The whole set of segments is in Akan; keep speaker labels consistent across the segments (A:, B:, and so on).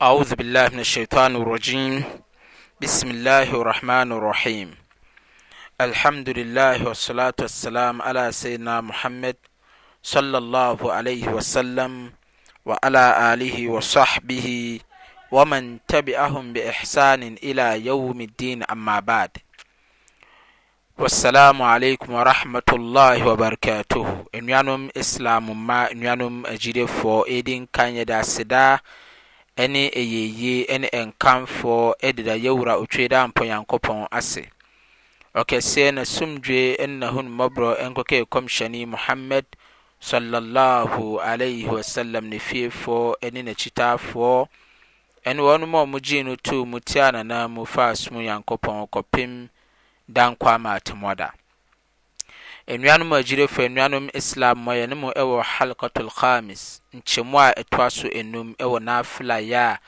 A: أعوذ بالله من الشيطان الرجيم بسم الله الرحمن الرحيم الحمد لله والصلاة والسلام على سيدنا محمد صلى الله عليه وسلم وعلى آله وصحبه ومن تبعهم بإحسان إلى يوم الدين أما بعد وبركاته إن warahmatullahi إسلام ما إن ma nnuanom فو إيدين كان يدا سداه ne ɛyɛyie ne nkamfoɔ deda yɛwura otwe da ampa nyankopɔn ase ɔkɛseɛ na na ne nahonmmɔborɔ nkɔkɛ kɔmhyɛne muhammad sallallahu alaihi wasallam ne fiefoɔ ne n'akyitaafoɔ ɛne wɔnom a mogyee no too mu tia nanaa mu faa som nyankopɔn kɔpem da ma ama atemɔda nnuanom a agyilefo nnuanom islam ma yɛne mu wɔ halkatul khamis nkyɛmu a ɛtoa so enum wɔ nafilayɛ a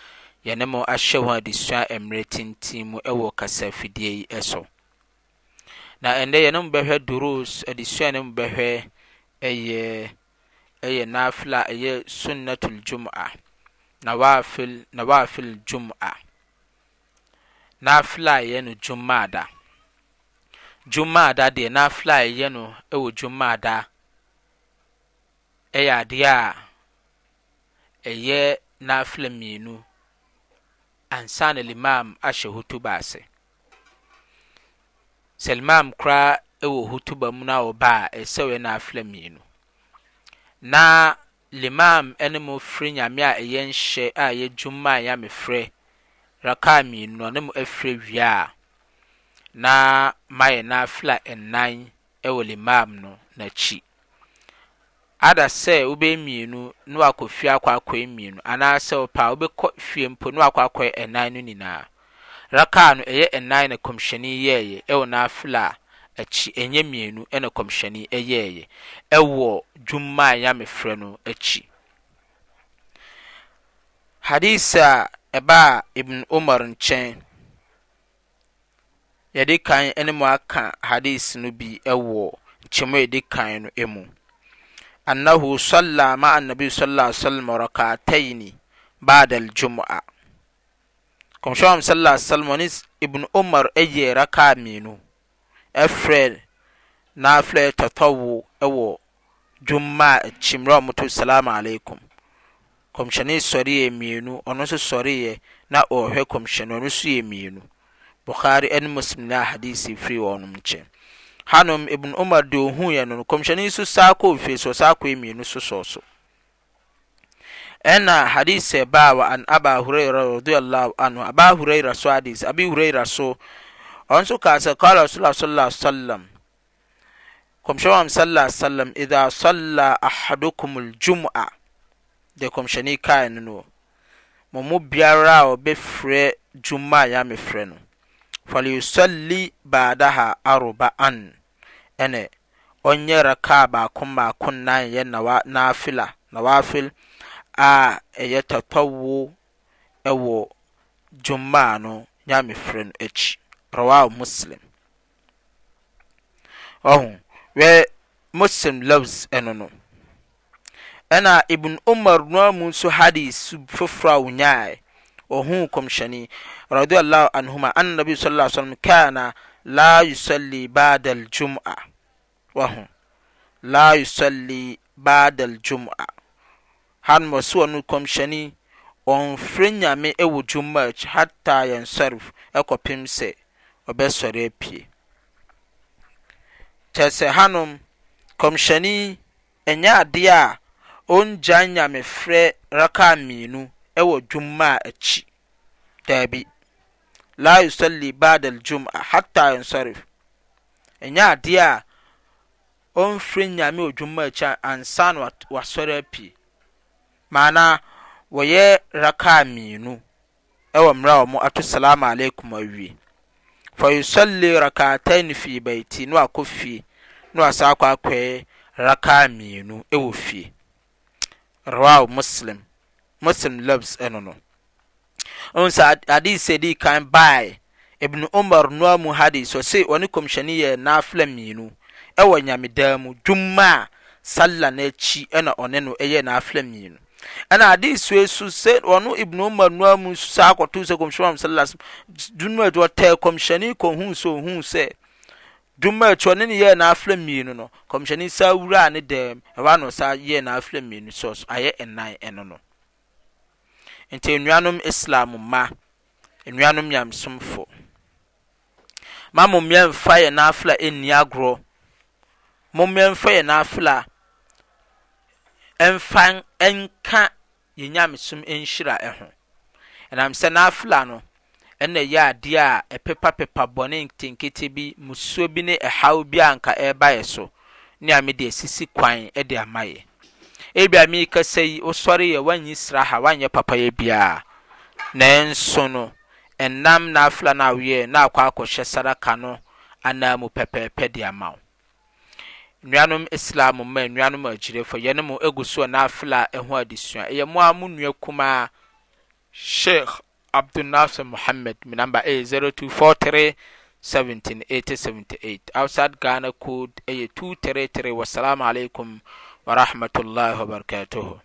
A: yɛne mu ahyɛ ho adesua mmerɛ tenten mu wɔ kasafidie yi so na ɛndɛ yɛne mu bɛhwɛ durus adesua ne mu bɛhwɛ ɛyɛ ɛyɛ nafila ɛyɛ sunnatul jum'a nawafil nawafil jum'a nafila yɛ no da. dwumaada deɛ n'afla a ɛyɛ no wɔ dwumaada ɛyɛ adeɛ a ɛyɛ n'afla mmienu ansa na limam ahyɛ hotuba ase sɛ limam koraa wɔ hotuba mu na ɔba a ɛsɛ ɔyɛ n'afla mmienu na limam ne mo firi nyame a ɛyɛ nhyɛ a ɛyɛ dwuma a yɛamefrɛ raka mmienu na ne mo afirɛ a na mayɛ nafila nnan wɔ limam no n'akyi ada sɛ wobɛyɛ mmienu na wakɔ fie akɔ akɔyɛ mmienu anaasɛ wɔpɛ a wobɛkɔ fie mpo na wakɔ akɔyɛ nnan no nyinaa raka no ɛyɛ nnan na kɔmhyɛni yɛɛyɛ ɛwɔ nafila akyi ɛnyɛ mmienu ɛna kɔmhyɛni ɛyɛɛyɛ ɛwɔ dwuma a yamefrɛ no akyi hadis a ɛbaa ibn umar nkyɛn yɛde kan nomu aka hadise no bi ɛwɔ nkyɛm yɛde kan no mu anah sla maa nabi salm rakataine bad aljuma kɔmsyɛ smɔ ibnu umar yɛ rakanfrɛnafɛtto wɔ dwummaa kimerɛ mto salamualekum kmyɛne sɔreɔnossenɔhɛ yɛɔn bkar n musmnohadis fr wɔno kyɛ an ibn mar deunn kɔmyɛne so sakfsa sss ɛna hadis banibrirburaira sɔoaɛkarasumym ia sla ahakum jumaekyekan bra ɔbɛfrɛ wuaafrɛno falusalli baadaha aroba an ɛnɛ ɔyɛ raka baacon baakon nanyɛ nawafil a ɛyɛ taawo ɛwɔ dwummaa no nyamefrɛ no akyi rawaho muslimhwe muslim loves ɛno noɛna ibn umar no amu so hadi s foforɔ awo nya ɔhu kɔmhyɛni radilh anhuma an nabi sl lli saslam kana lausli bad al juma h la usli bad al juma hanomɔsɛwɔ no kɔmhyɛni ɔnfrɛ nyame ɛwɔjwu mach hata yansaref ɛkɔpem sɛ ɔbɛsɔre apie kyɛrɛ sɛ hanom kɔmhyɛni ɛnya adeɛ a ɔngyan nyame frɛ rakammienu ɛwɔ dwuma a akyi daabi la yusalli ba'da al-jum'a hatta yansarif ɛnyɛ adeɛ a ɔmfiri nyame wɔ dwuma akyi ansa na wasɔre apie maana wɔyɛ raka mmienu ɛwɔ mmerɛ a wɔn ato salamu aleikum awie fa yusalli rakatan fi baiti na wakɔ fie na wasa akɔ akɔɛ raka mmienu ɛwɔ fie rawa muslim muslim labs ɛno eh, no ɔn adi ade sɛ di kan bae ibn umar noa mu hadis ɔse ɔne kɔmhyɛne yɛ nafla mmienu ɛwɔ nyamedaa mu dwuma a salla no akyi ɛna ɔne no ɛyɛ nafla mmienu ɛna ade sue so sɛ ɔno ibn umar noa mu saa akɔto sɛ kɔmhyɛne mu salla dwuma ɛdi ɔtɛ kɔmhyɛne kɔhu sɛ ɔhu sɛ dwuma ɛkyi ɔne no yɛ nafla mmienu no kɔmhyɛne saa wura ne dɛm ɛwɔ ano saa yɛ nafla mmienu sɔs ayɛ ɛnan ɛno no nti nnuanom islam ma nnuanom nyamsomfo ma mo mfa yɛ n'afla nni agorɔ mo mmeɛmfa yɛ n'afla mfa nka yɛ nyamesom nhyira ɛho ɛnam sɛ n'afla no ɛna yɛ adeɛ a ɛpepapepa bɔne nketenkete bi musuo bi ne ɛhaw bi a nka ɛreba yɛ so ne a mede asisi kwan de ama yɛ ebi a kasa yi wosɔre yɛ wanyi sra ha wanyɛ yɛ biara nanso no ɛnam na afla no awoyɛ na akɔ akɔhyɛ sadaka no anaa mu pɛpɛɛpɛ de ama wo nnuanom islam ma nnuanom agyirefo yɛne mu egu so na afla ɛho adesua ɛyɛ mu a mu nua kumaa sheikh abdulnasir muhammad mi namba ɛyɛ zero two four three 17 outside ghana code ɛyɛ 233 wassalamu alaikum ورحمة الله وبركاته